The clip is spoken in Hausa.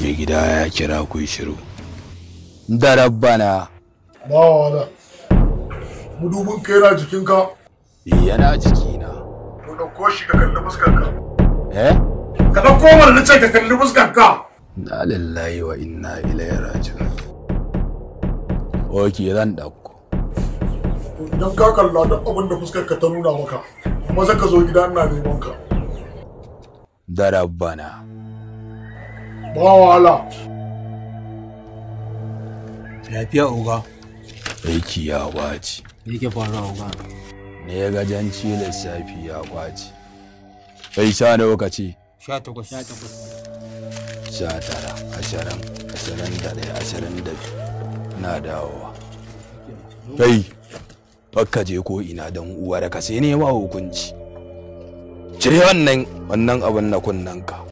mai gida ya kira ku shiru da rabbana ba wala mudubin ka yana jikinka eh, yana jikina ko dauko shi ka kalli fuskarka eh ka dauko mana nace ka kalli fuskarka na lillahi wa inna ilaihi raji'un oke zan ɗauko. idan ka kalla duk abin da fuskarka ta nuna maka kuma zaka zo gida ina neman ka da rabbana ba wala lafiya oga aiki ya kwaci me yake faruwa oga ne ya gajanci lissafi ya kwaci kai sha nawa ka ce sha takwas sha takwas sha tara ashirin ashirin da ɗaya ashirin da biyu na dawowa kai bakka je ko ina don uwar ka sai ne ma hukunci cire wannan wannan abin na kunnen ka